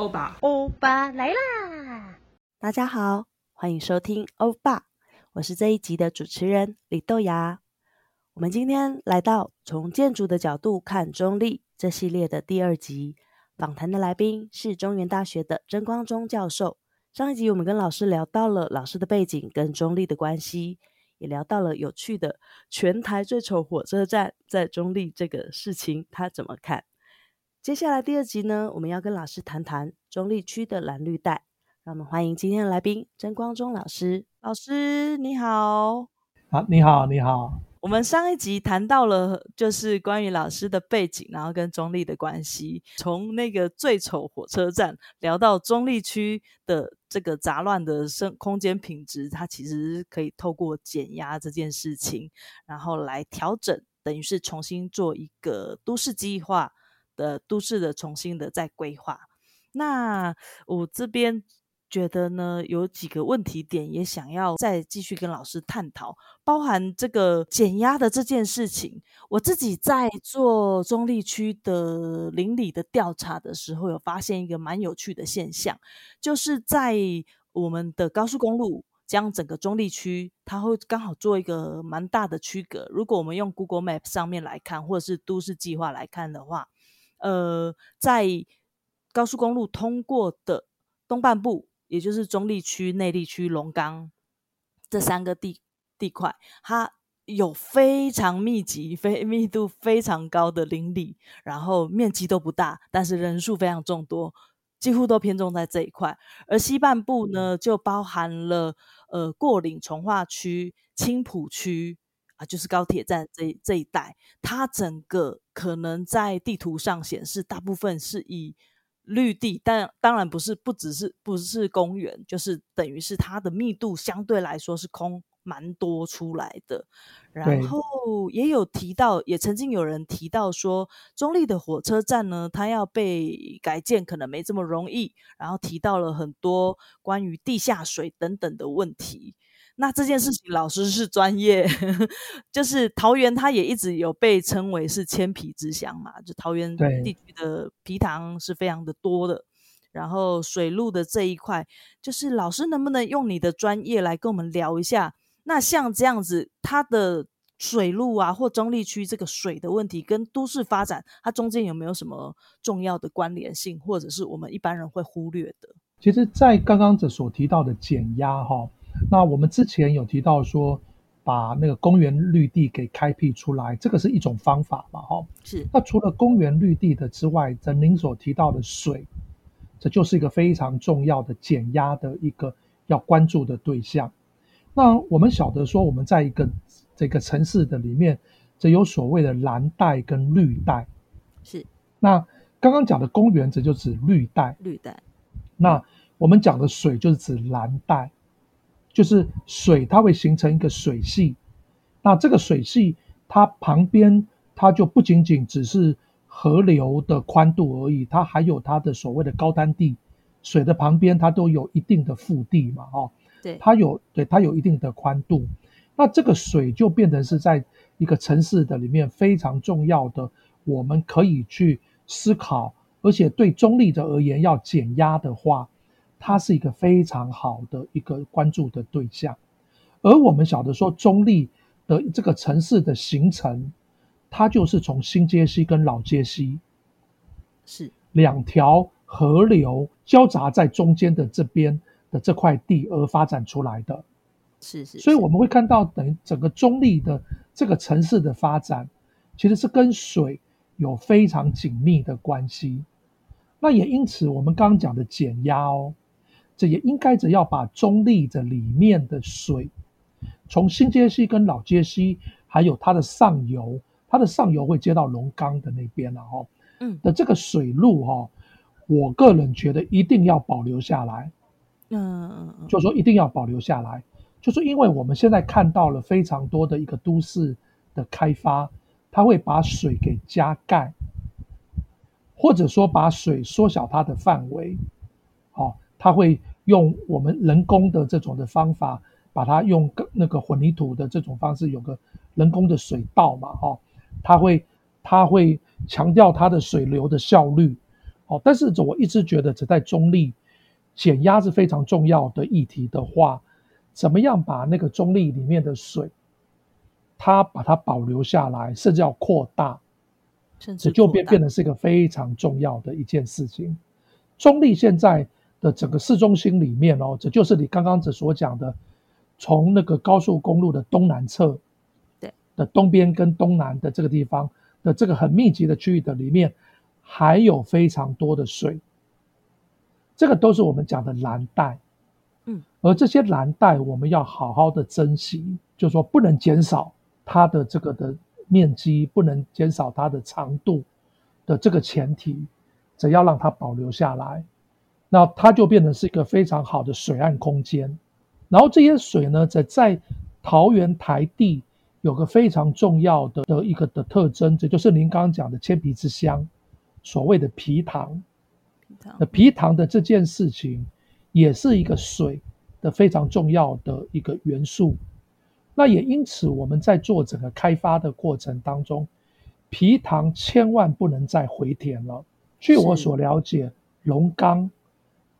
歐巴，歐巴來啦！大家好，歡迎收聽歐巴，我是這一集的主持人李荳芽。我們今天來到從建築的角度看中壢這系列的第二集，訪談的來賓是中原大學的曾光宗教授。上一集我們跟老師聊到了老師的背景跟中壢的關係，也聊到了有趣的全台最醜火車站在中壢這個事情，他怎麼看？接下來第二集呢，我們要跟老師談談中壢區的藍綠帶。讓我們歡迎今天的來賓曾光宗老師。老師你好，啊你好你好。你好，我們上一集談到了就是關於老師的背景，然後跟中壢的關係，從那個最醜火車站聊到中壢區的這個雜亂的生空間品質，它其實可以透過減壓這件事情，然後來調整，等於是重新做一個都市計劃。的都市的重新的再規劃，那我這邊覺得呢，有幾個問題點也想要再繼續跟老師探討，包含這個減壓的這件事情。我自己在做中壢區的鄰里的調查的時候，有發現一個蠻有趣的現象，就是在我們的高速公路將整個中壢區，它會剛好做一個蠻大的區隔。如果我們用 Google Map 上面來看，或者是都市計劃來看的話，呃，在高速公路通過的東半部，也就是中壢區、內壢區、龍岡這三個地地塊，它有非常密集、非密度非常高的鄰里，然後面積都不大，但是人數非常眾多，幾乎都偏重在這一塊。而西半部呢，就包含了呃過嶺、從化區、青埔區啊、呃，就是高鐵站這這一帶，它整個。可能在地圖上顯示，大部分是以綠地，但當然不是，不只是不是公園，就是等於是它的密度相對來說是空蠻多出來的。然後也有提到，對也曾經有人提到說，中壢的火車站呢，它要被改建可能沒這麼容易。然後提到了很多關於地下水等等的問題。那這件事情，老師是專業， 就是桃園，它也一直有被稱為是“千埤之鄉”嘛，就桃園地區的埤塘是非常的多的。對然後水路的這一塊，就是老師能不能用你的專業來跟我們聊一下？那像這樣子，它的水路啊，或中壢區這個水的問題，跟都市發展，它中間有沒有什麼重要的關聯性，或者是我們一般人會忽略的？其實，在剛剛所提到的減壓、哦，哈。那我們之前有提到說，把那個公園綠地給開闢出來，這個是一種方法吧、哦？哈，是。那除了公園綠地的之外，這您所提到的水，這就是一個非常重要的減壓的一個要關注的對象。那我們曉得說，我們在一個這個城市的裡面，這有所謂的藍帶跟綠帶。是。那剛剛講的公園，這就指綠帶。綠帶。那我們講的水，就是指藍帶。嗯就是水，它會形成一個水系。那這個水系，它旁邊它就不僅僅只是河流的寬度而已，它還有它的所謂的高灘地。水的旁邊它都有一定的腹地嘛、哦，哈對，它有，對它有一定的寬度。那這個水就變成是在一個城市的裡面非常重要的，我們可以去思考，而且對中壢而言要減壓的話。它是一個非常好的一個關注的對象，而我們曉得說中壢的這個城市的形成，它就是從新街溪跟老街溪是兩條河流交雜在中間的這邊的這塊地而發展出來的，是，是是。所以我們會看到等於整個中壢的這個城市的發展，其實是跟水有非常緊密的關係。那也因此，我們剛剛講的減壓哦。這也應該只要把中壢的裡面的水，從新街溪跟老街溪還有它的上游，它的上游會接到龍岡的那邊了、哦、哈。嗯，那這個水路哈、哦，我個人覺得一定要保留下來。嗯，就說一定要保留下來，就是因為我們現在看到了非常多的一個都市的開發，它會把水給加蓋，或者說把水縮小它的範圍，哦，它會。用我們人工的這種的方法，把它用個那個混凝土的這種方式，有個人工的水道嘛，哦，它會它會強調它的水流的效率，哦，但是我一直覺得只在中壢減壓是非常重要的議題的話，怎麼樣把那個中壢裡面的水，它把它保留下來，甚至要擴大，甚至擴大，這就變變得是一個非常重要的一件事情。中壢現在的整個市中心裡面哦，這就是你剛剛所講的，從那個高速公路的東南側，對的東邊跟東南的這個地方對的這個很密集的區域的裡面，還有非常多的水，這個都是我們講的藍帶，嗯，而這些藍帶我們要好好的珍惜，就說不能減少它的這個的面積，不能減少它的長度的這個前提，只要讓它保留下來。那它就變成是一個非常好的水岸空間，然後這些水呢，在在桃園台地有個非常重要的的一個的特徵，這就是您剛剛講的“千埤之鄉”，所謂的埤塘。埤塘的埤塘的這件事情，也是一個水的非常重要的一個元素。嗯、那也因此，我們在做整個開發的過程當中，埤塘千萬不能再回填了。據我所了解，是龍岡。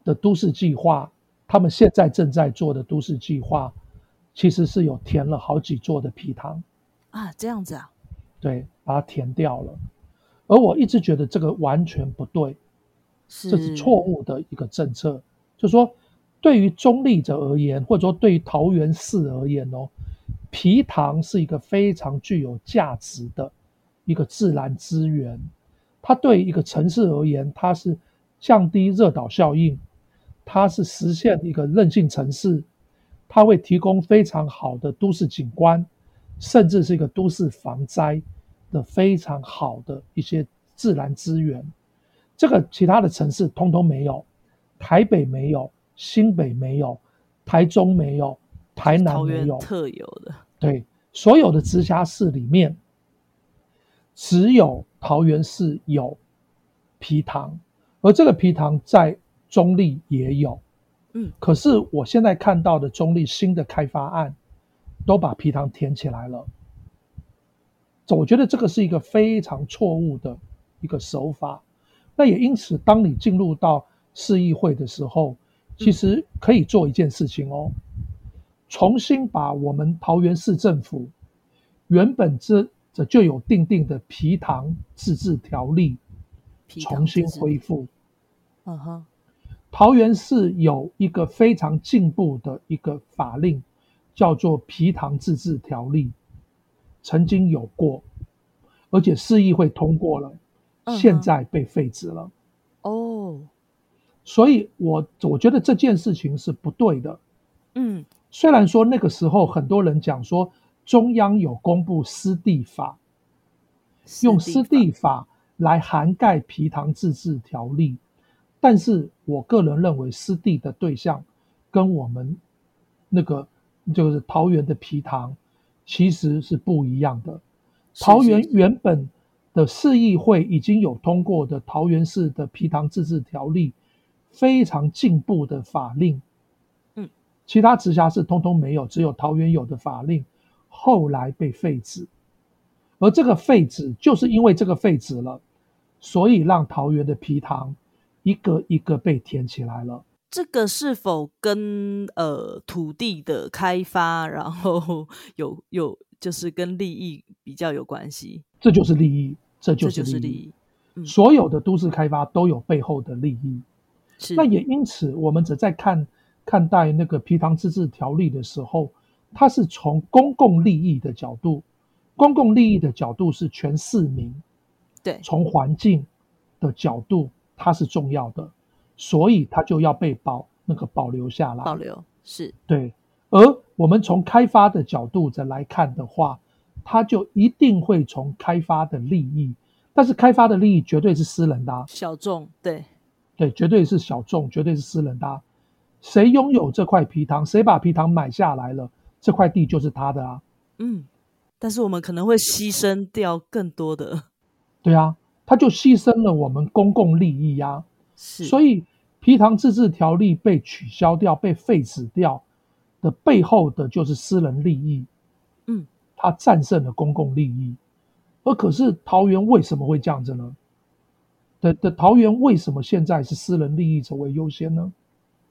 的都市計劃，他們現在正在做的都市計劃，其實是有填了好幾座的埤塘啊，這樣子啊，對，把它填掉了。而我一直覺得這個完全不對，是，這是錯誤的一個政策。就說對於中壢市而言，或者說對於桃園市而言哦，埤塘是一個非常具有價值的一個自然資源，它對一個城市而言，它是降低熱島效應。它是實現一個韌性城市，它會提供非常好的都市景觀，甚至是一個都市防災的非常好的一些自然資源。這個其他的城市通通沒有，台北沒有，新北沒有，台中沒有，台南沒有，桃園特有的。對，所有的直轄市裡面，只有桃園市有埤塘，而這個埤塘在。中壢也有，嗯，可是我現在看到的中壢新的開發案，都把埤塘填起來了。我覺得這個是一個非常錯誤的一個手法。那也因此，當你進入到市議會的時候，其實可以做一件事情哦，嗯，重新把我們桃園市政府原本這這就有訂定的埤塘自治條例，重新恢復。嗯 uh-huh 桃園市有一個非常進步的一個法令，叫做《埤塘自治條例》，曾經有過，而且市議會通過了，現在被廢止了。嗯啊、哦，所以我我覺得這件事情是不對的。嗯，雖然說那個時候很多人講說，中央有公布濕地法，濕地法用濕地法來涵蓋《埤塘自治條例》。但是我個人認為，濕地的對象跟我們那個就是桃園的埤塘其實是不一樣的。桃園原本的市議會已經有通過的桃園市的埤塘自治條例，非常進步的法令。嗯，其他直轄市通通沒有，只有桃園有的法令，後來被廢止。而這個廢止，就是因為這個廢止了，所以讓桃園的埤塘。一個一個被填起來了，這個是否跟，呃，土地的開發，然後有有就是跟利益比較有關係？這就是利益，這就是利益。利益嗯、所有的都市開發都有背後的利益。是那也因此，我們只在看看待那個埤塘自治條例的時候，它是從公共利益的角度，公共利益的角度是全市民，對，從環境的角度。它是重要的，所以它就要被保那個保留下來。保留是，對。而我們從開發的角度來看的話，它就一定會從開發的利益，但是開發的利益絕對是私人的啊。小眾，對，對，絕對是小眾，絕對是私人的啊，誰擁有這塊埤塘，誰把埤塘買下來了，這塊地就是他的啊。嗯。但是我們可能會犧牲掉更多的。對啊。他就犧牲了我們公共利益呀，啊，是所以埤塘自治條例被取消掉，被廢止掉的背後的就是私人利益，嗯，他戰勝了公共利益。而可是桃園為什麼會這樣子呢？的的桃園為什麼現在是私人利益成為優先呢？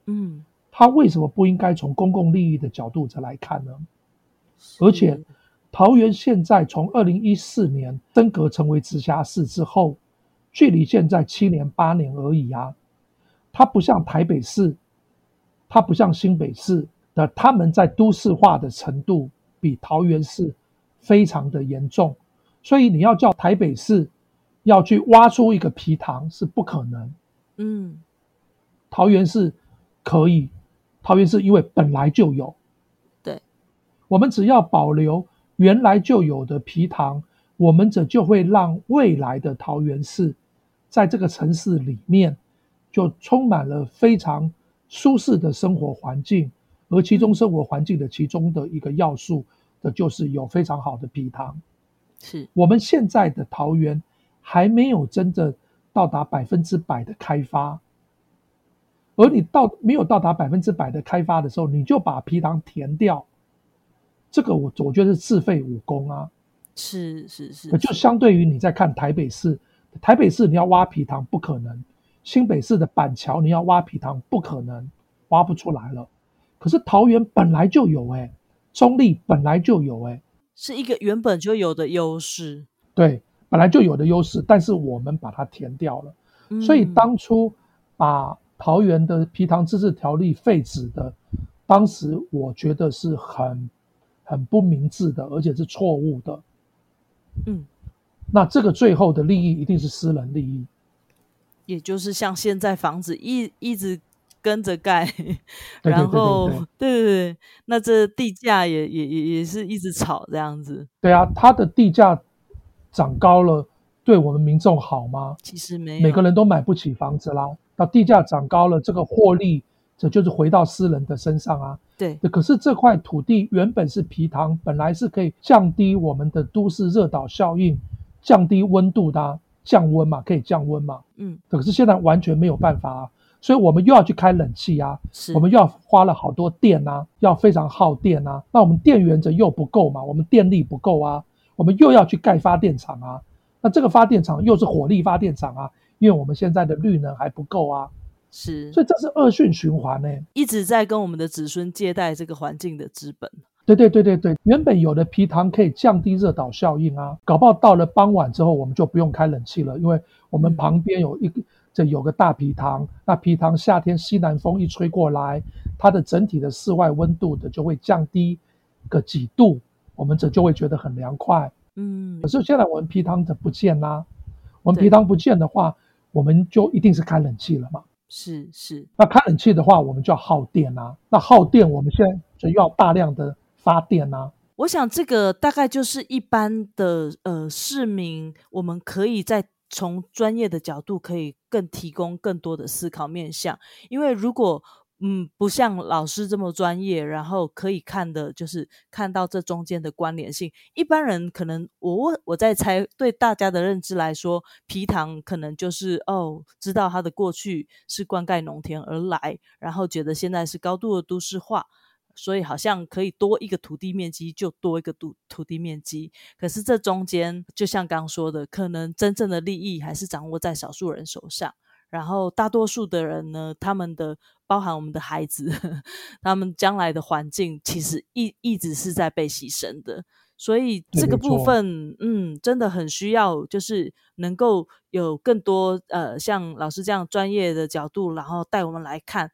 嗯，他為什麼不應該從公共利益的角度再來看呢？是而且。桃園現在從二零一四年升格成為直轄市之後，距離現在七年八年而已啊。它不像台北市，它不像新北市的，他們在都市化的程度比桃園市非常的嚴重，所以你要叫台北市要去挖出一個埤塘是不可能。嗯，桃園市可以，桃園市因為本來就有。對，我們只要保留，原來就有的埤塘，我們這就會讓未來的桃園市，在這個城市裡面，就充滿了非常舒適的生活環境。而其中生活環境的其中的一個要素，的就是有非常好的埤塘。是，我們現在的桃園還沒有真正到達百分之百的開發，而你到沒有到達百分之百的開發的時候，你就把埤塘填掉。這個我我覺得是自廢武功啊，是是是，是是可就相對於你在看台北市。台北市你要挖埤塘不可能。新北市的板橋你要挖埤塘不可能，挖不出來了。可是桃園本來就有誒、欸、中壢本來就有誒、欸、是一個原本就有的優勢。對，本來就有的優勢，但是我們把它填掉了。嗯、所以當初把桃園的埤塘自治條例廢止的，當時我覺得是很。很不明智的，而且是錯誤的。嗯，那這個最後的利益一定是私人利益，也就是像現在房子一一直跟着蓋，對對對對對。然後對對對，那這地價也也也也是一直炒這樣子。對啊，它的地價漲高了，對我們民眾好嗎？其實沒有，每個人都買不起房子啦。那地價漲高了，這個獲利。這就是回到私人的身上啊。對，可是這塊土地原本是埤塘，本來是可以降低我們的都市熱島效應、降低溫度的，啊，降溫嘛，可以降溫嘛。嗯，可是現在完全沒有辦法啊，所以我們又要去開冷氣啊，是我們又要花了好多電啊，要非常耗電啊。那我們電源則又不夠嘛，我們電力不夠啊，我們又要去蓋發電廠啊。那這個發電廠又是火力發電廠啊，因為我們現在的綠能還不夠啊。是，所以這是惡性循環呢、欸，一直在跟我們的子孫借貸這個環境的資本。對對對對對，原本有的埤塘可以降低熱島效應啊，搞不好到了傍晚之後我們就不用開冷氣了，因為我們旁邊有一個、嗯、這有個大埤塘，那埤塘夏天西南風一吹過來，它的整體的室外溫度的就會降低個幾度，我們這就會覺得很涼快。嗯，可是現在我們埤塘的不見啦，啊，我們埤塘不見的話，對我們就一定是開冷氣了嘛。是是，是那開冷氣的話，我們就要耗電啊。那耗電，我們現在就要大量的發電啊。我想，這個大概就是一般的呃市民，我們可以再從專業的角度，可以更提供更多的思考面向。因為如果嗯，不像老師這麼專業，然後可以看的就是看到這中間的關聯性。一般人可能我我在猜，對大家的認知來說，埤塘可能就是哦，知道它的過去是灌溉農田而來，然後覺得現在是高度的都市化，所以好像可以多一個土地面積就多一個土土地面積。可是這中間，就像剛，剛說的，可能真正的利益還是掌握在少數人手上。然後大多數的人呢，他們的包含我們的孩子，呵呵，他們將來的環境其實一一直是在被犧牲的，所以這個部分，沒錯。嗯，真的很需要，就是能夠有更多呃，像老師這樣專業的角度，然後帶我們來看。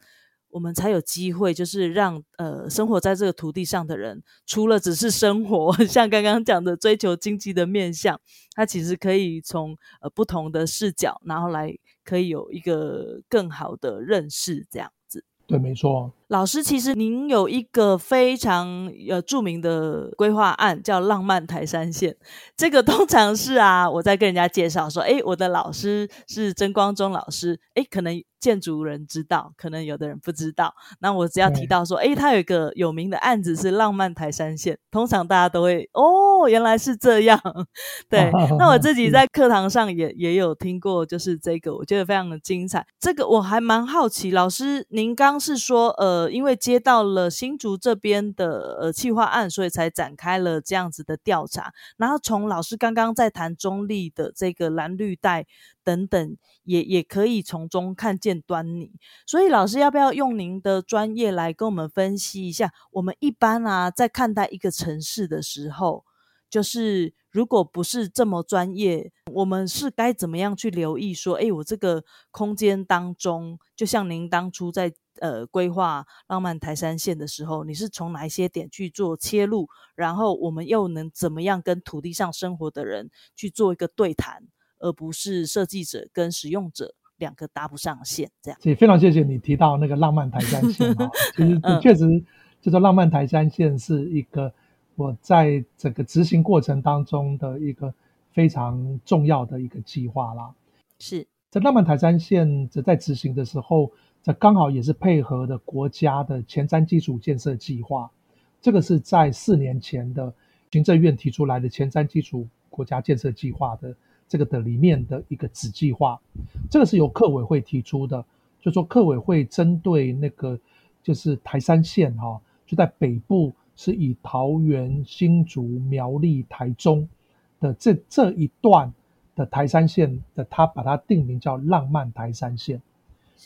我們才有機會，就是讓呃生活在這個土地上的人，除了只是生活，像剛剛講的追求經濟的面向，他其實可以從呃不同的視角，然後來可以有一個更好的認識，這樣子。對，沒錯。老師，其實您有一個非常呃著名的規劃案，叫浪漫台山線。這個通常是啊，我在跟人家介紹說，誒、欸、我的老師是曾光宗老師，誒、欸、可能建築人知道，可能有的人不知道。那我只要提到說，哎對，他，欸、有一個有名的案子是浪漫台山線，通常大家都會哦，原來是這樣。 對， 那我自己在課堂上也也有聽過，就是這個，我覺得非常的精彩。這個我還蠻好奇，老師您剛是說呃。因為接到了新竹這邊的呃企劃案，所以才展開了這樣子的調查。然後從老師剛剛在談中壢的這個藍綠帶等等，也也可以從中看見端倪。所以老師要不要用您的專業來跟我們分析一下？我們一般啊在看待一個城市的時候，就是如果不是這麼專業，我們是該怎麼樣去留意說，哎，我這個空間當中，就像您當初在。呃，規劃浪漫台三線的時候，你是從哪一些點去做切入？然後我們又能怎麼樣跟土地上生活的人去做一個對談，而不是設計者跟使用者兩個搭不上線？這樣，謝非常謝謝你提到那個浪漫台三線、啊。 其實、嗯、確實，就說浪漫台三線是一個我在整個執行過程當中的一個非常重要的一個計劃啦。是在浪漫台三線在在執行的時候。這剛好也是配合的國家的前瞻基礎建設計劃，這個是在四年前的行政院提出來的前瞻基礎國家建設計劃的這個的裡面的一個子計劃。這個是由客委會提出的，就說客委會針對那個就是台三線哈，就在北部是以桃園、新竹、苗栗、台中的這這一段的台三線的，他把它定名叫浪漫台三線。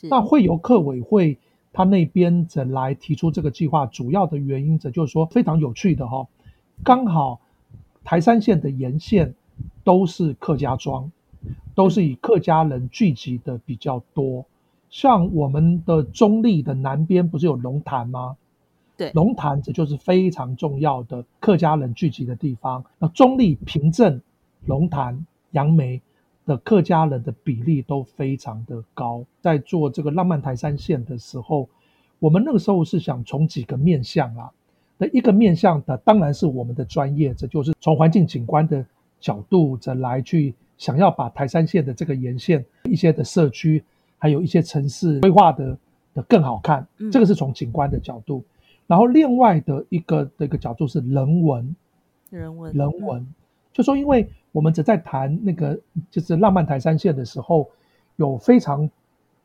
那會由客委會他那邊則來提出這個計劃，主要的原因則就是說非常有趣的哈，剛好台三線的沿線都是客家莊，都是以客家人聚集的比較多。像我們的中壢的南邊不是有龍潭嗎？對，龍潭則就是非常重要的客家人聚集的地方。那中壢、平鎮、龍潭、楊梅。的客家人的比例都非常的高，在做這個浪漫台三線的時候，我們那個時候是想從幾個面向啊，的一個面向的當然是我們的專業，這就是從環境景觀的角度，這來去想要把台三線的這個沿線一些的社區，還有一些城市規劃的的更好看，這個是從景觀的角度，然後另外的一個這個角度是人文，人文人文，就說因為。我們只在談那個，就是浪漫台三線的時候，有非常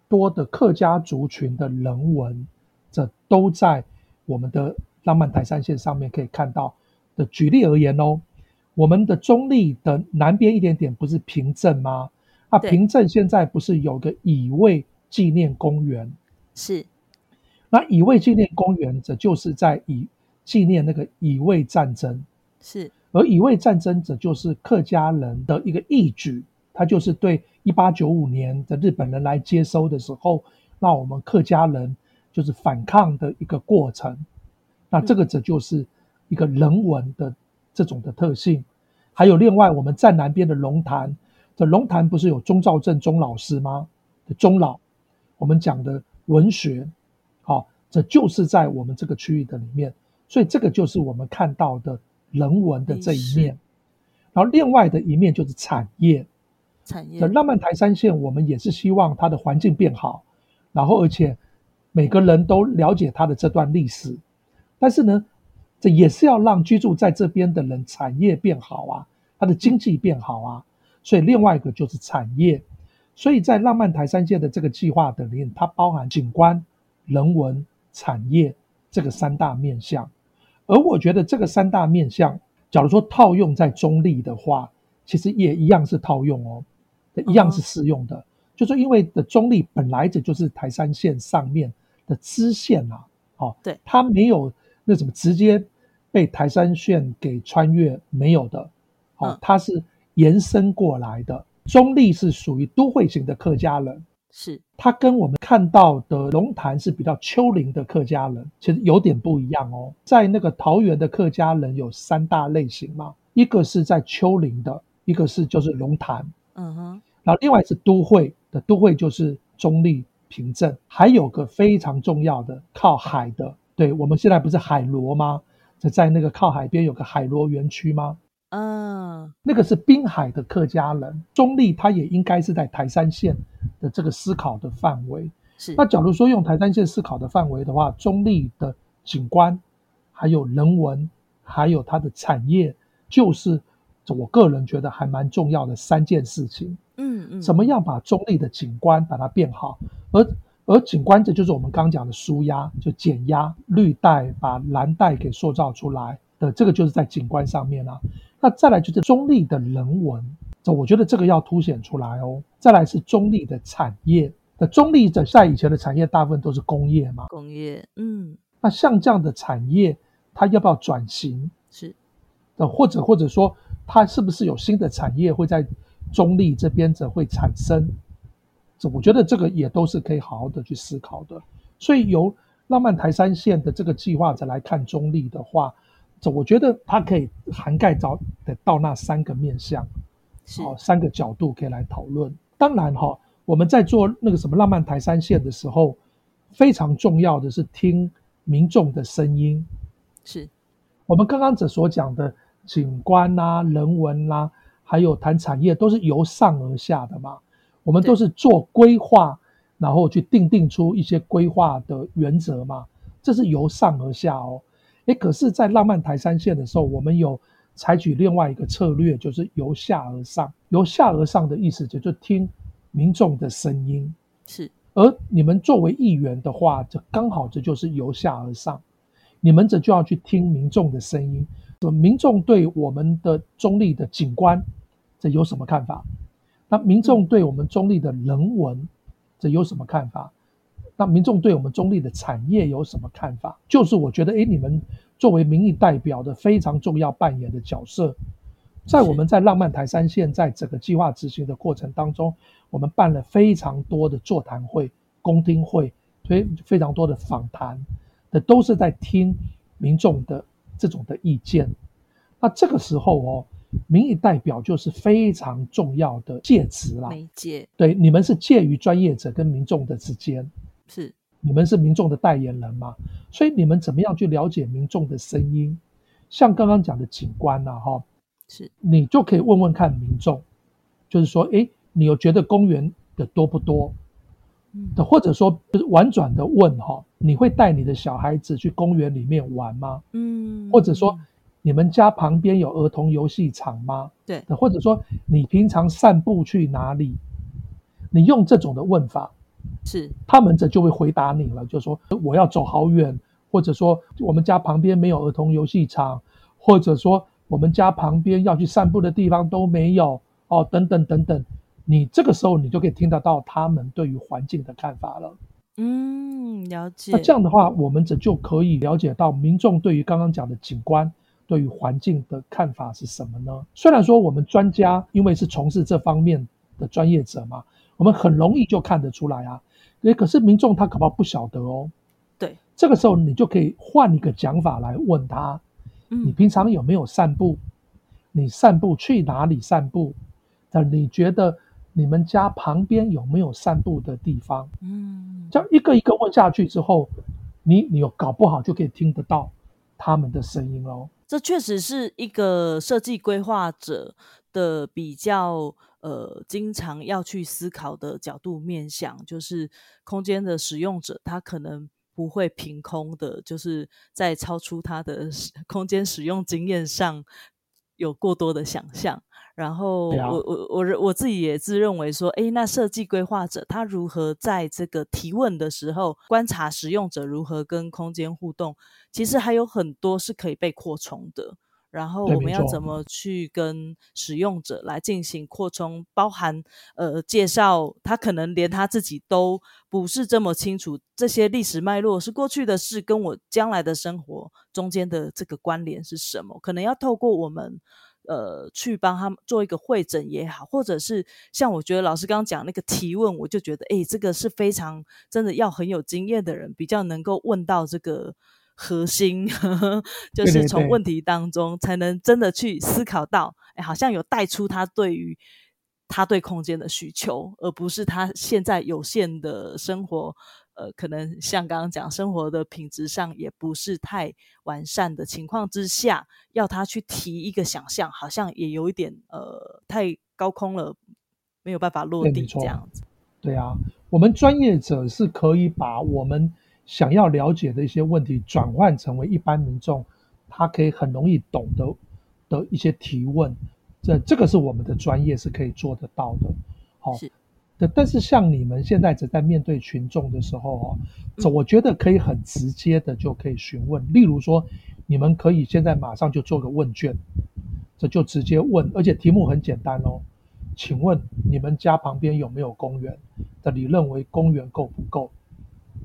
多的客家族群的人文，這都在我們的浪漫台三線上面可以看到的。舉例而言哦，我們的中壢的南邊一點點不是平鎮嗎？啊，平鎮現在不是有個乙未紀念公園？是。那乙未紀念公園，這就是在以紀念那個乙未戰爭。是，而乙未戰爭者就是客家人的一個義舉，他就是對一八九五年的日本人來接收的時候，那我們客家人就是反抗的一個過程。那這個者就是一個人文的這種的特性。嗯、還有另外，我們站南邊的龍潭，這龍潭不是有鍾肇政鍾老師嗎？鍾老，我們講的文學，這、哦、就是在我們這個區域的裡面，所以這個就是我們看到的、嗯。人文的這一面，然後另外的一面就是產業。產業。浪漫台三線，我們也是希望它的環境變好，然後而且每個人都了解它的這段歷史。但是呢，這也是要讓居住在這邊的人產業變好啊，它的經濟變好啊。所以另外一個就是產業。所以在浪漫台三線的這個計劃的裡面，它包含景觀、人文、產業這個三大面向。而我覺得這個三大面向，假如說套用在中壢的話，其實也一樣是套用哦，一樣是適用的。Uh huh. 就說因為的中壢本來這就是台三線上面的支線啊，好、哦，對，它沒有那什麼直接被台三線給穿越沒有的，好、哦，它是延伸過來的。Uh huh. 中壢是屬於都會型的客家人。是，他跟我們看到的龍潭是比較丘陵的客家人，其實有點不一樣哦。在那個桃園的客家人有三大類型嘛，一個是在丘陵的，一個是就是龍潭，嗯哼、uh，huh、然後另外是都會的，都會就是中壢平鎮，還有個非常重要的靠海的，對，我們現在不是海螺嗎？在那個靠海邊有個海螺園區嗎？嗯，uh, 那個是濱海的客家人，中壢他也應該是在台三線的這個思考的範圍。是，那假如說用台三線思考的範圍的話，中壢的景觀、還有人文、還有它的產業，就是我個人覺得還蠻重要的三件事情。嗯嗯，嗯怎麼樣把中壢的景觀把它變好？而而景觀，這就是我們剛剛講的疏壓，就減壓綠帶，把藍帶給塑造出來的，這個就是在景觀上面啊。那再來就是中壢的人文，這我覺得這個要凸顯出來哦。再來是中壢的產業，那中壢在在以前的產業大部分都是工業嘛，工業，嗯。那像這樣的產業，它要不要轉型？是，或者或者說，它是不是有新的產業會在中壢這邊則會產生？這我覺得這個也都是可以好好的去思考的。所以由浪漫台三線的這個計劃者來看中壢的話。我覺得它可以涵蓋到到那三個面向，是、哦，三個角度可以來討論。當然哈、哦，我們在做那個什麼浪漫台三線的時候，嗯、非常重要的是聽民眾的聲音。是，我們剛剛所講的景觀啊，人文啊，還有談產業，都是由上而下的嘛。我們都是做規劃，對然後去定定出一些規劃的原則嘛。這是由上而下哦。誒，可是，在浪漫台三線的時候，我們有採取另外一個策略，就是由下而上。由下而上的意思，就就聽民眾的聲音。是。而你們作為議員的話，這剛好這就是由下而上。你們這就要去聽民眾的聲音。民眾對我們的中壢的景觀，這有什麼看法？那民眾對我們中壢的人文，這有什麼看法？那民眾對我們中壢的產業有什麼看法？就是我覺得，哎、欸，你們作為民意代表的非常重要扮演的角色，在我們在浪漫台三線在整個計劃執行的過程當中，我們辦了非常多的座談會、公聽會，非非常多的訪談，都是在聽民眾的這種的意見。那這個時候哦，民意代表就是非常重要的介質啦，媒介解。對，你們是介於專業者跟民眾的之間。是，你們是民眾的代言人嗎？所以你們怎麼樣去了解民眾的聲音？像剛剛講的景觀啊，哈，是，你就可以問問看民眾，就是說，哎，你有覺得公園的多不多？的、嗯，或者說，就是、婉轉的問哈，你會帶你的小孩子去公園裡面玩嗎？嗯，或者說，你們家旁邊有兒童遊戲場嗎？對，或者說，你平常散步去哪裡？你用這種的問法。是，他們這就會回答你了，就說我要走好遠，或者說我們家旁邊沒有兒童遊戲場，或者說我們家旁邊要去散步的地方都沒有，哦，等等等等，你這個時候你就可以聽得到他們對於環境的看法了。嗯，了解。那這樣的話，我們這就可以了解到民眾對於剛剛講的景觀，對於環境的看法是什麼呢？雖然說我們專家因為是從事這方面的專業者嘛。我們很容易就看得出來啊，可是民眾他可不不曉得哦。對，這個時候你就可以換一個講法來問他：嗯，你平常有沒有散步？你散步去哪裡散步？啊，你覺得你們家旁邊有沒有散步的地方？嗯，這樣一個一個問下去之後，你你有搞不好就可以聽得到他們的聲音哦。這確實是一個設計規劃者的比較。呃，經常要去思考的角度面向，就是空間的使用者，他可能不會憑空的，就是在超出他的空間使用經驗上有過多的想象。然後我、啊我，我我我我自己也自認為說，誒，那設計規劃者他如何在這個提問的時候，觀察使用者如何跟空間互動，其實還有很多是可以被擴充的。然後我們要怎麼去跟使用者來進行擴充？包含呃介紹，他可能連他自己都不是這麼清楚這些歷史脈絡是過去的事，跟我將來的生活中間的這個關聯是什麼？可能要透過我們呃去幫他們做一個會診也好，或者是像我覺得老師剛剛講的那個提問，我就覺得誒，這個是非常真的要很有經驗的人比較能夠問到這個。核心 就是從問題當中，才能真的去思考到。對對對，哎，好像有帶出他對於他對空間的需求，而不是他現在有限的生活，呃，可能像剛剛講生活的品質上也不是太完善的情況之下，要他去提一個想象，好像也有一點呃太高空了，沒有辦法落地這樣子。對啊，我們專業者是可以把我們。想要了解的一些問題，轉換成為一般民眾他可以很容易懂得的一些提問，這這個是我們的專業是可以做得到的，哦是。好，但但是像你們現在只在面對群眾的時候哦，我覺得可以很直接的就可以詢問，例如說，你們可以現在馬上就做個問卷，這就直接問，而且題目很簡單哦。請問你們家旁邊有沒有公園？那你認為公園夠不夠？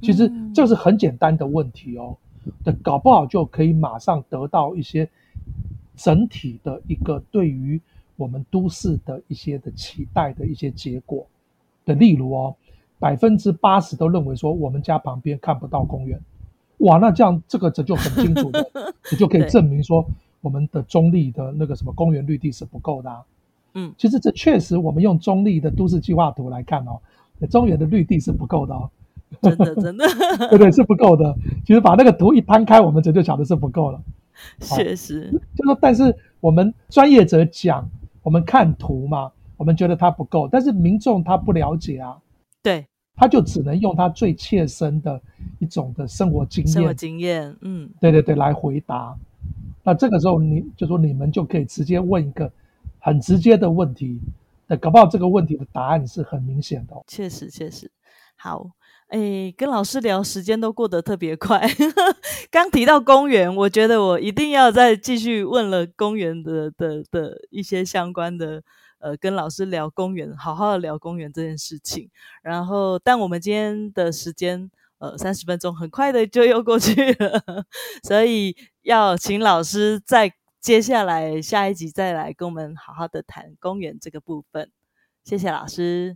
其實這是很簡單的問題哦，嗯、的搞不好就可以馬上得到一些整體的一個對於我們都市的一些的期待的一些結果的，嗯、例如哦，百分之八十都認為說我們家旁邊看不到公園，哇，那這樣這個這就很清楚了， 你就可以證明說我們的中壢的那個什麼公園綠地是不夠的、啊，嗯，其實這確實我們用中壢的都市計劃圖來看哦，中原的綠地是不夠的哦。 真的，真的， 對對是不夠的。 其實把那個圖一攤開，我們這就，就曉得是不夠了。確實，就說但是我們專業者講，我們看圖嘛，我們覺得它不夠。但是民眾他不了解啊，對，他就只能用他最切身的一種的生活經驗，生活經驗，嗯，對對對，來回答。那這個時候你就說你們就可以直接問一個很直接的問題，那搞不好這個問題的答案是很明顯的。確實，確實，好。哎，跟老師聊，時間都過得特別快呵呵。剛提到公園，我覺得我一定要再繼續問了公園的的的一些相關的，呃，跟老師聊公園，好好的聊公園這件事情。然後，但我們今天的時間，呃，三十分鐘很快的就又過去了，所以要請老師在接下來下一集再來跟我們好好的談公園這個部分。謝謝老師。